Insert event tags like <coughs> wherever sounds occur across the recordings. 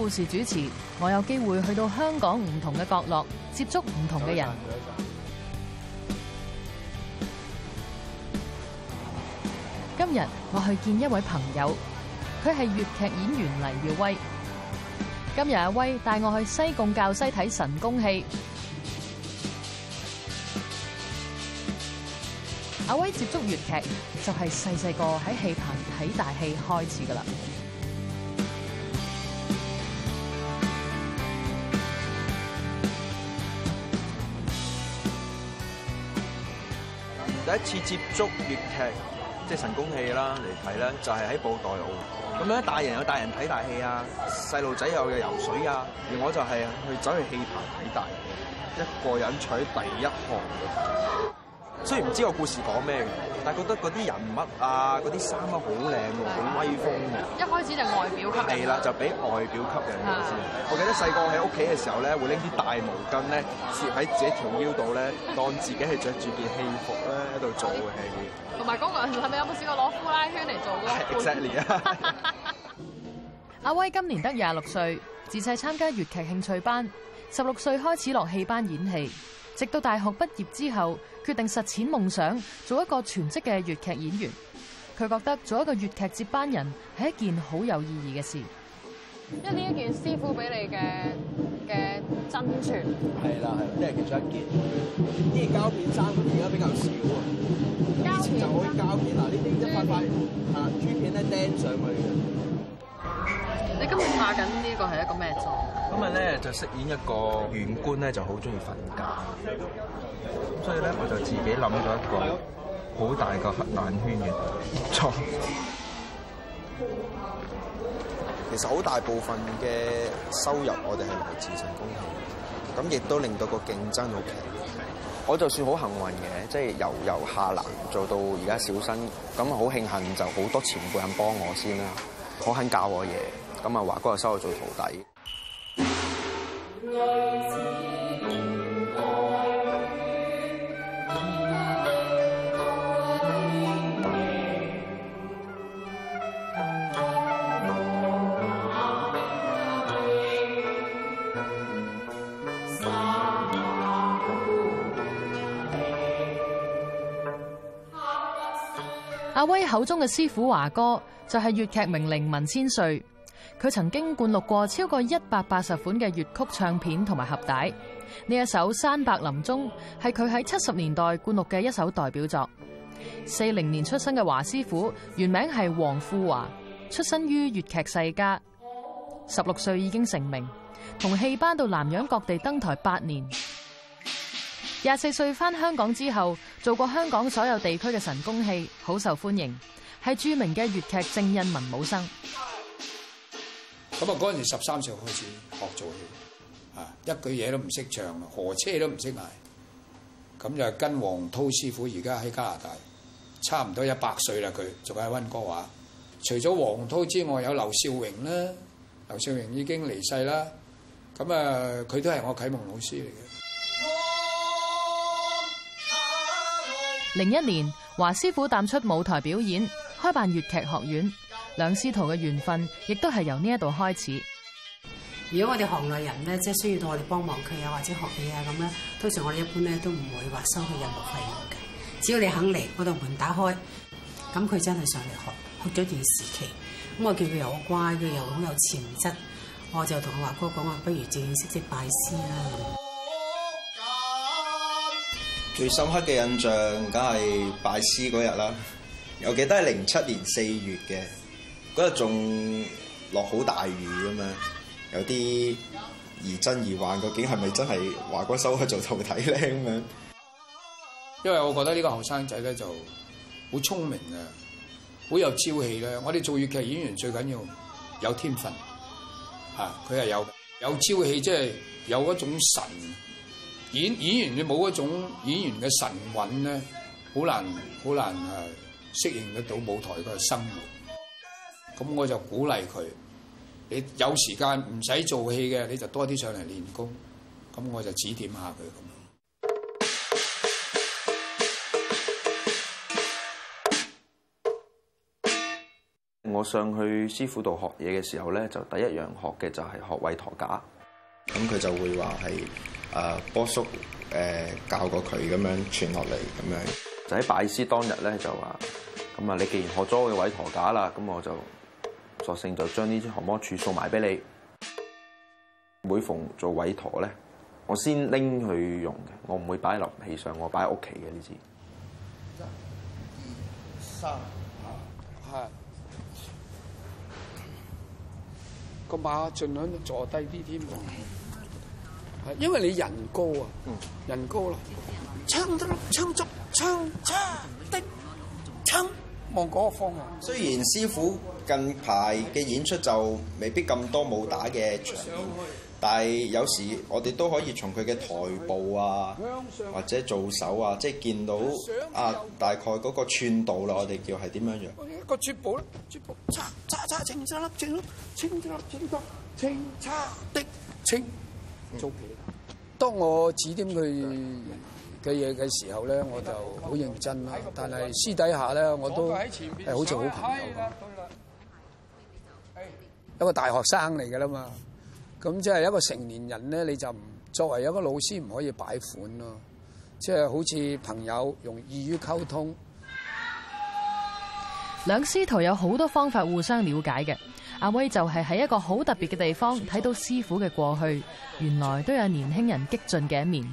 故事主持，我有機會去到香港唔同嘅角落，接觸唔同嘅人。今日我去見一位朋友，佢係粵劇演員黎耀威。今日阿威帶我去西貢教西睇神功戲。阿威接觸粵劇就係細細個喺戲棚睇大戲開始㗎喇。第一次接觸粵劇，即係神功戲啦，嚟睇咧就係喺布袋澳。咁樣大人有大人睇大戲啊，細路仔有游水啊，而我就係去走去戲棚睇大戲，一個人取第一行。雖然唔知個故事講咩嘅，但係覺得嗰啲人物啊，嗰啲衫啊好靚喎，好威風喎。一開始就外表吸引係啦，就俾外表吸引先。我記得細個喺屋企嘅時候咧，會拎啲大毛巾咧，折喺自己條腰度咧，當自己係着住件戲服咧，喺度做戲。同埋嗰個人係咪有冇試過攞呼啦圈嚟做嘅？exactly 啊、right. <laughs> 阿威今年得廿六歲，自細參加粵劇興趣班，十六歲開始落戲班演戲，直到大學畢業之後。決定實踐夢想，做一個全職嘅粵劇演員。佢覺得做一個粵劇接班人係一件好有意義嘅事。因為呢一件師傅俾你嘅嘅真傳係啦，係即係其中一件。啲膠片衫而家比較少啊，以前就攞膠了拍拍片嗱，呢啲一塊塊啊珠片咧釘上去嘅。你今日化緊呢個係一個咩妝？今日咧就飾演一個縣官咧，就好中意瞓覺。嗯所以咧，我就自己諗咗一個好大個黑眼圈嘅裝。其實好大部分嘅收入，我哋係來自成功學。咁亦都令到個競爭好劇。我就算好幸運嘅，即係由由下欄做到而家小生。咁好慶幸，就好多前輩肯幫我先啦。好肯教我嘢。咁啊，華哥又收我做徒弟。Yeah. 阿威口中嘅師傅華哥就係粵劇名伶文千歲，佢曾經灌錄過超過一百八十款嘅粵曲唱片同埋盒帶。呢一首《山伯臨終》係佢喺七十年代灌錄嘅一首代表作。四零年出生嘅華師傅，原名係黃富華，出身於粵劇世家，十六歲已經成名，同戲班到南洋各地登台八年。廿四歲返香港之後，做過香港所有地區嘅神功戲，好受歡迎，係著名嘅粵劇正印文武生。咁啊，嗰陣時十三歲開始學做戲，啊，一句嘢都唔識唱，何車都唔識賣。咁就跟黃濤師傅，而家喺加拿大，差唔多一百歲啦。佢仲喺溫哥華。除咗黃濤之外有劉，有劉少榮啦，劉少榮已經離世啦。咁啊，佢都係我啟蒙老師嚟嘅。零一年，華師傅淡出舞台表演，開辦粵劇學院，兩師徒嘅緣分亦都係由呢一度開始。如果我哋行內人咧，即係需要到我哋幫忙佢啊，或者學嘢啊咁咧，通常我哋一般咧都唔會話收佢任何費用嘅。只要你肯嚟，我度門打開，咁佢真係上嚟學，學咗段時期，咁我見佢又好乖，佢又好有潛質，我就同阿華哥講話，不如正正式式拜師啦。最深刻嘅印象，梗係拜師嗰日啦。尤 <laughs> 記得係零七年四月嘅嗰日，仲落好大雨嘅嘛。有啲疑真疑幻，究竟係咪真係華哥收佢做徒弟咧？咁樣，因為我覺得呢個後生仔咧就好聰明嘅，好有朝氣咧。我哋做粵劇演員最緊要有天分，啊，佢係有有朝氣，即係有一種神。演演員你冇嗰種演員嘅神韻咧，好難好難係適應得到舞台嘅生活。咁我就鼓勵佢，你有時間唔使做戲嘅，你就多啲上嚟練功。咁我就指點下佢咁樣。我上去師傅度學嘢嘅時候咧，就第一樣學嘅就係學韋陀架。咁佢就會話係。誒波叔、呃、教過佢咁樣傳落嚟咁樣，就喺拜師當日咧就話：咁啊，你既然學咗嘅委陀架啦，咁我就索性就將呢支降魔杵送埋俾你。 <noise> 每逢做委陀咧，我先拎去用嘅，我唔會擺喺立起上，我擺喺屋企嘅呢支。一、二、三、下，係個 <noise> <noise> 馬盡量坐低啲添。 <noise> 因為你人高啊、嗯，人高啦。撐得的，撐足，撐叉的，撐望嗰個方向。雖然師傅近排嘅演出就未必咁多武打嘅場面，但係有時我哋都可以從佢嘅台步啊，或者做手啊，即係見到啊大概嗰個寸度啦，我哋叫係點樣樣？一個寸步咧，寸步叉叉叉，清叉，清清清清。做、嗯、片。當我指點佢嘅嘢嘅時候咧，我就好認真啦。但係私底下咧，我都係好似好朋友。一個大學生嚟㗎啦嘛，咁即係一個成年人咧，你就唔作為一個老師，唔可以擺款咯。即、就、係、是、好似朋友，容易於溝通。兩師徒有好多方法互相了解嘅。阿威就係喺一個好特別嘅地方睇到師傅嘅過去，原來都有年輕人激進嘅一面。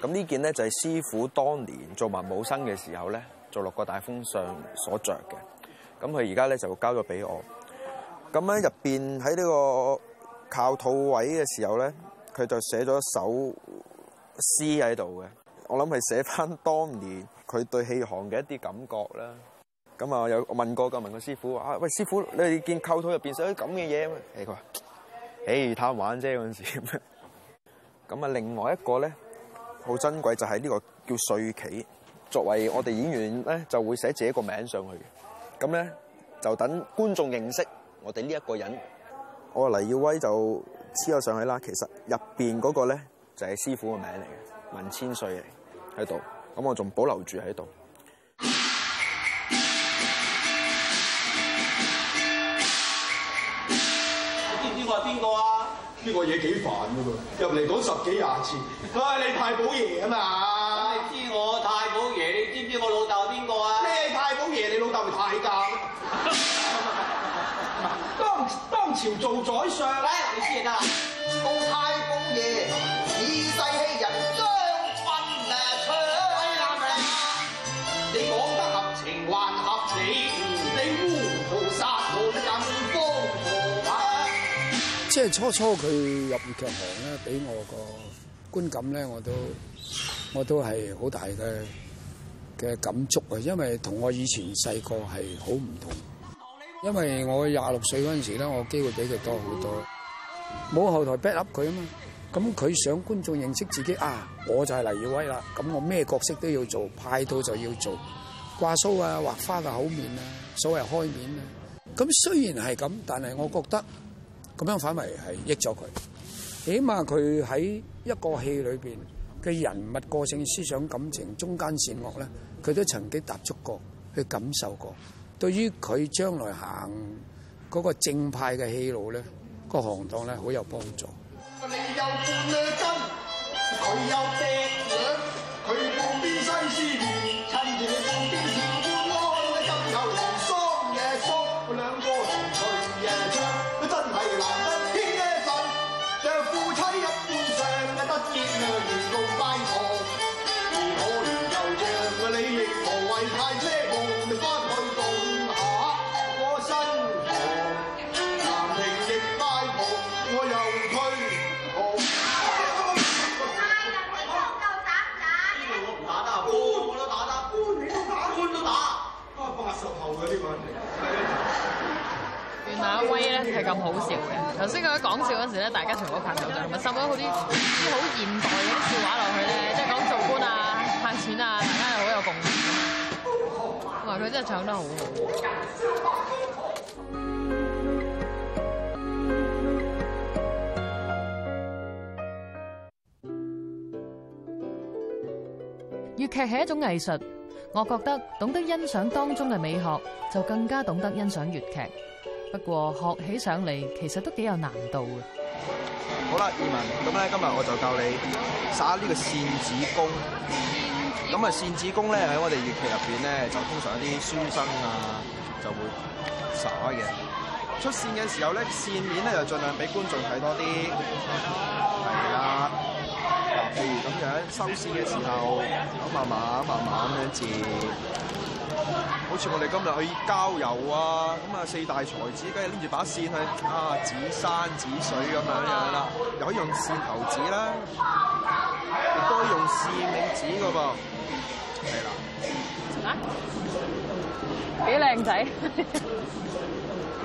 咁呢件呢，就係、是、師傅當年做埋武生嘅時候咧，做六國大封相所着嘅。咁佢而家咧就交咗俾我。咁喺入邊喺呢個靠肚位嘅時候咧，佢就寫咗一首詩喺度嘅。我諗係寫翻當年佢對戲行嘅一啲感覺啦。咁啊，有問過咁問個師傅啊，喂，師傅，你見構圖入面寫啲咁嘅嘢啊？誒，佢話：誒，貪玩啫嗰陣時。咁啊，另外一個咧，好珍貴就係呢個叫瑞奇，作為我哋演員咧，就會寫自己個名上去嘅。咁咧，就等觀眾認識我哋呢一個人。我黎耀威就黐咗上去啦。其實入面嗰個咧，就係、是、師傅嘅名嚟嘅，文千歲嚟喺度。咁我仲保留住喺度。呢、這個嘢幾煩嘅噃，入嚟講十幾廿次。佢、哎、啊，係你太保爺啊嘛，你知我太保爺？你知唔知我老豆邊個啊？咩太保爺，你老豆咪太監？ <laughs> 當當朝做宰相咧，你知啊？到太保爺。即係初初佢入粵劇行咧，俾我個觀感咧，我都我都係好大嘅嘅感觸啊！因為同我以前細個係好唔同，因為我廿六歲嗰陣時咧，我機會比佢多好多，冇後台 back up 佢啊嘛。咁佢想觀眾認識自己啊，我就係黎耀威啦。咁我咩角色都要做，派到就要做，掛鬚啊，畫花嘅口面啊，所謂開面啊。咁雖然係咁，但係我覺得。咁樣反為係益咗佢，起碼佢喺一個戲裏邊嘅人物個性、思想、感情、中間善惡咧，佢都曾經踏足過，去感受過。對於佢將來行嗰個正派嘅戲路咧，個行當咧好有幫助。咁好笑嘅，頭先佢講笑嗰時咧，大家除咗拍手之外係咪收到啲啲好現代嘅啲笑話落去咧，即係講做官啊、派錢啊，大家又好有共鳴，話佢真係唱得好好。粵劇係一種藝術，我覺得懂得欣賞當中嘅美學，就更加懂得欣賞粵劇。不過學起上嚟，其實都幾有難度嘅。好啦，二汶，咁咧今日我就教你耍，這個扇、嗯嗯嗯、扇呢個扇子功。咁啊，扇子功咧喺我哋粵劇入邊咧，就通常有啲書生啊就會耍嘅。出扇嘅時候咧，扇面咧就盡量俾觀眾睇多啲。係啦，嗱，譬如咁樣收扇嘅時候，咁慢慢慢慢呢接。好似我哋今日去郊遊啊，咁啊四大才子梗係拎住把線去啊指山指水咁樣樣啦，又可以用線頭指啦，亦都可以用線尾指噶噃，係啦。啊？幾靚仔！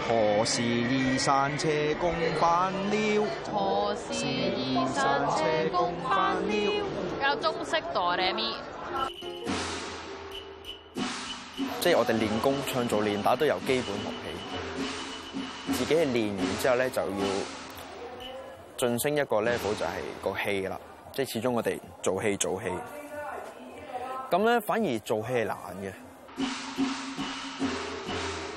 何時二山車公返了合士乙上尺工反六？合士乙上尺工反六？有中式 Do Re Mi。即係我哋練功、唱做練打都由基本學起，自己係練完之後咧就要晉升一個咧，嗰就係個戲啦。即係始終我哋做戲做戲，咁咧反而做戲係難嘅。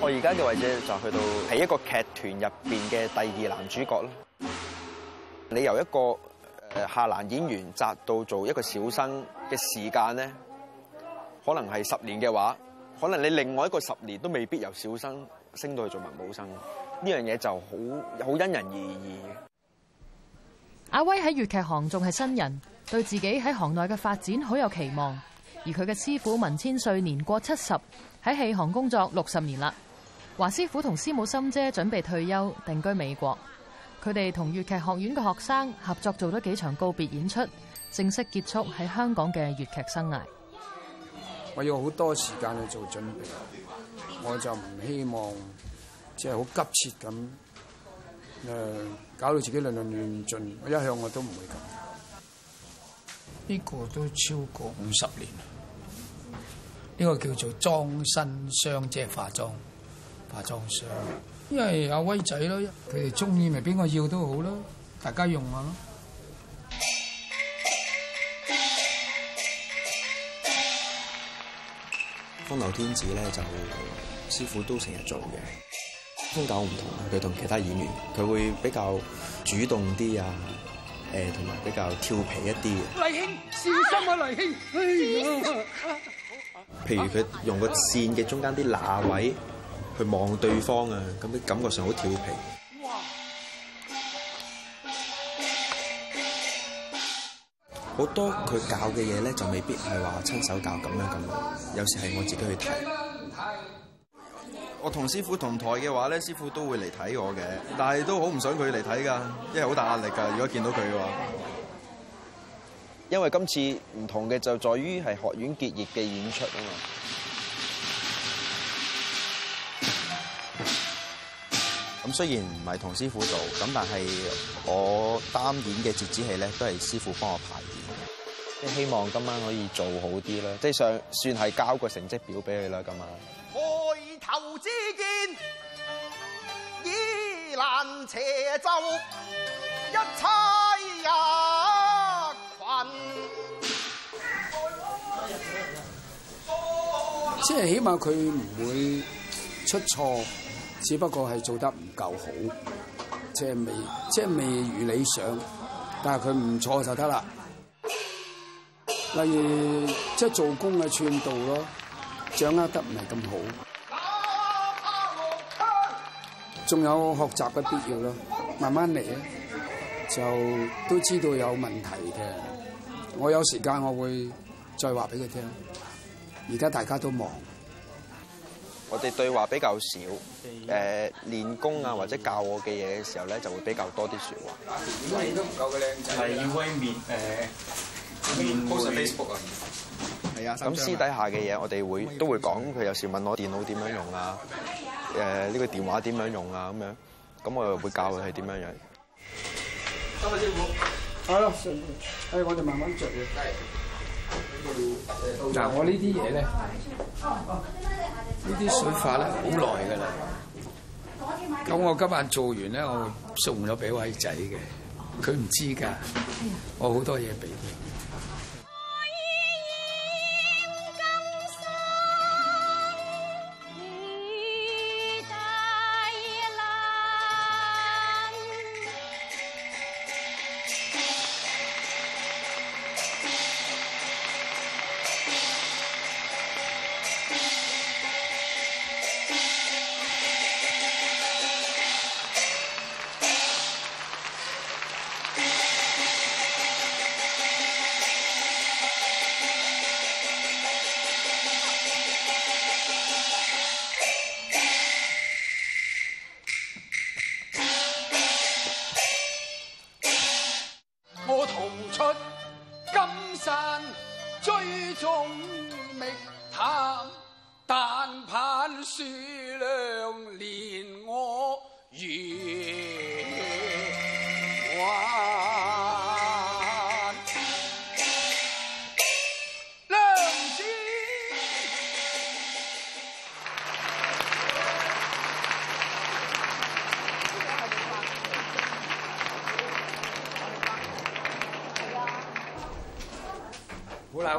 我而家嘅位置就去到喺一個劇團入面嘅第二男主角咯。你由一個下欄演員扎到做一個小生嘅時間咧，可能係十年嘅話。可能你另外一個十年都未必由小生升到去做文武生，呢樣嘢就好好因人而異。阿威喺粵劇行仲係新人，對自己喺行內嘅發展好有期望。而佢嘅師傅文千歲年過七十，喺戲行工作六十年啦。華師傅同師母心姐準備退休定居美國，佢哋同粵劇學院嘅學生合作做咗幾場告別演出，正式結束喺香港嘅粵劇生涯。我要好多時間去做準備，我就唔希望即係好急切咁誒、呃，搞到自己論論盡盡。我一向我都唔會咁。呢個都超過五十年，呢個叫做裝身霜，即係化妝化妝霜。因為阿威仔咯，佢哋中意咪邊個要都好囉，大家用下囉。風流天子咧，就師傅都成日做嘅，風格唔同啊！佢同其他演員，佢會比較主動啲啊，誒、呃，同埋比較調皮一啲嘅。黎兄，小心啊！黎、啊、兄，譬如佢用個線嘅中間啲罅位去望對方啊，咁啲感覺上好調皮。好多佢教嘅嘢咧，就未必係話親手教咁樣咁樣。有時係我自己去睇。我同師傅同台嘅話咧，師傅都會嚟睇我嘅，但係都好唔想佢嚟睇噶，因為好大壓力噶。如果見到佢嘅話，因為今次唔同嘅就在於係學院結業嘅演出啊嘛。咁 <coughs> 雖然唔係同師傅做，咁但係我擔演嘅折子戲咧，都係師傅幫我排。希望今晚可以做好啲啦，即上算係交個成績表俾佢啦。今晚。抬頭之見，倚欄斜奏，一差呀群。即係起碼佢唔會出錯，只不過係做得唔夠好，即係未即係未如理想，但係佢唔錯就得啦。例如即係做工嘅寸度咯，掌握得唔係咁好。仲有學習嘅必要咯，慢慢嚟咧就都知道有問題嘅。我有時間我會再話俾佢聽。而家大家都忙，我哋對話比較少。誒、呃、練功啊或者教我嘅嘢嘅時候咧就會比較多啲説話。你都唔夠佢靚仔，要威面誒。post 喺 Facebook 啊，係啊，咁私底下嘅嘢我哋會都會講。佢有時問我電腦點樣用啊，誒呢個電話點樣用啊咁樣，咁我又會教佢係點樣樣。三位師傅，係咯，誒我哋慢慢著嘅。嗱，我呢啲嘢咧，呢啲水法咧好耐㗎啦。咁我今晚做完咧，我送咗俾位仔嘅，佢唔知㗎。我好多嘢俾佢。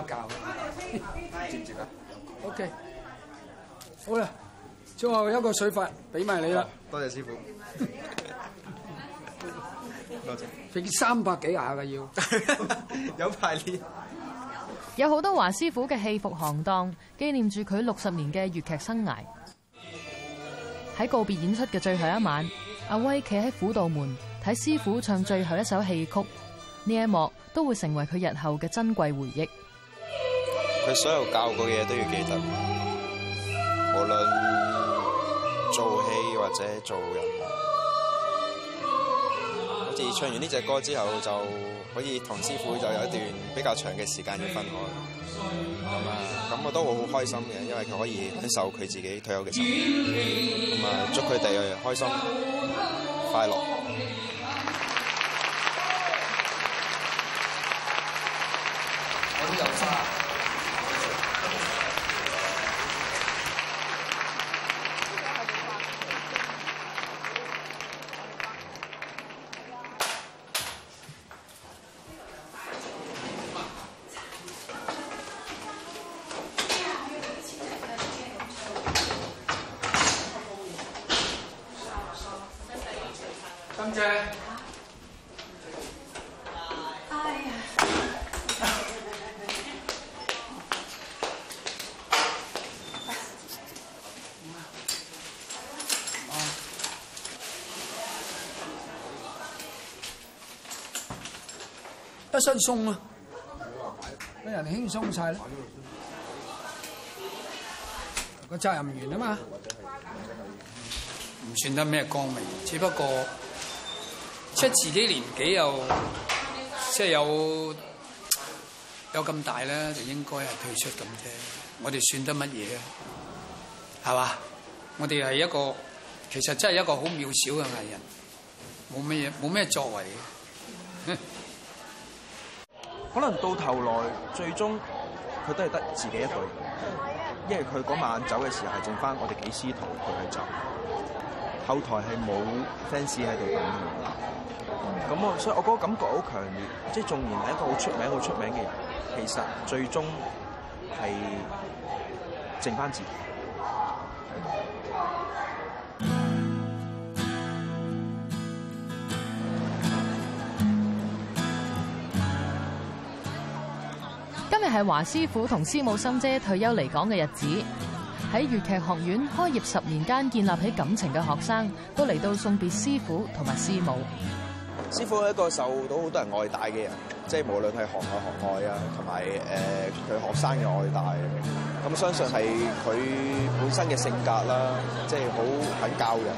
教唔接啊？O K，好啦，最後一個水法俾埋你啦。多謝師傅， <laughs> 多謝。成三百幾瓦嘅要，有排練。有好多華師傅嘅戲服行當紀念住佢六十年嘅粵劇生涯。喺告別演出嘅最後一晚，阿威企喺虎度門睇師傅唱最後一首戲曲，呢一幕都會成為佢日後嘅珍貴回憶。佢所有教過嘅嘢都要記得，無論做戲或者做人。好似唱完呢隻歌之後，就可以同師傅就有一段比較長嘅時間要分開，咁啊，咁我都會好開心嘅，因為佢可以享受佢自己退休嘅生活。同埋祝佢哋開心快樂。鬆鬆、啊、咯，啲人輕鬆晒啦。個責任完啊嘛，唔、嗯、算得咩光明，只不過即係自己年紀又即係有有咁大咧，就應該係退出咁啫。我哋算得乜嘢啊？係嘛？我哋係一個其實真係一個好渺小嘅藝人，冇乜嘢，冇咩作為嘅。嗯可能到頭來最終佢都係得自己一個，因為佢嗰晚走嘅時候係剩翻我哋幾師徒佢去走，後台係冇 fans 喺度等嘅，咁我所以我嗰個感覺好強烈，即係縱然係一個好出名、好出名嘅人，其實最終係剩翻自己。係華師傅同師母心姐退休離港嘅日子，喺粵劇學院開業十年間建立起感情嘅學生，都嚟到送別師傅同埋師母。師傅係一個受到好多人愛戴嘅人，即係無論係行內行外啊，同埋誒佢學生嘅愛戴。咁相信係佢本身嘅性格啦，即係好肯教人，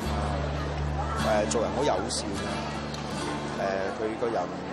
誒做人好友善，誒佢個人。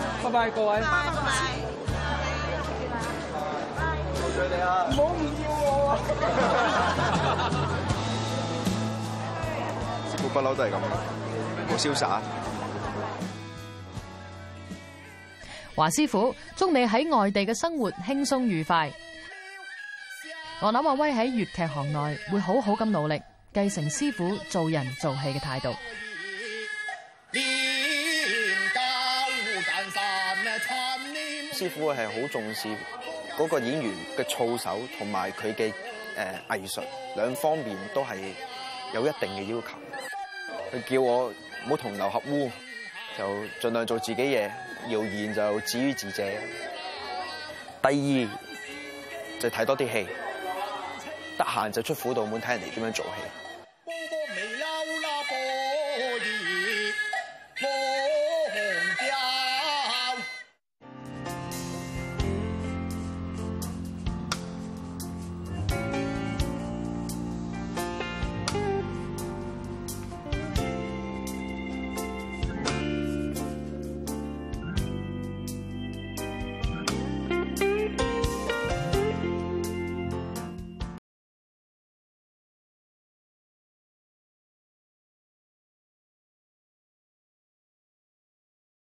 拜拜各位！拜拜！拜拜。唔好唔要我啊！我不嬲都係咁，好瀟灑。華師傅，祝你喺外地嘅生活輕鬆愉快。我諗阿威喺粵劇行內會好好咁努力，繼承師傅做人做戲嘅態度。師傅係好重視嗰個演員嘅操守同埋佢嘅誒藝術兩方面都係有一定嘅要求的。佢叫我唔好同流合污，就盡量做自己嘢，謠言就止於智者。第二就睇多啲戲，得閒就出虎度門睇人哋點樣做戲。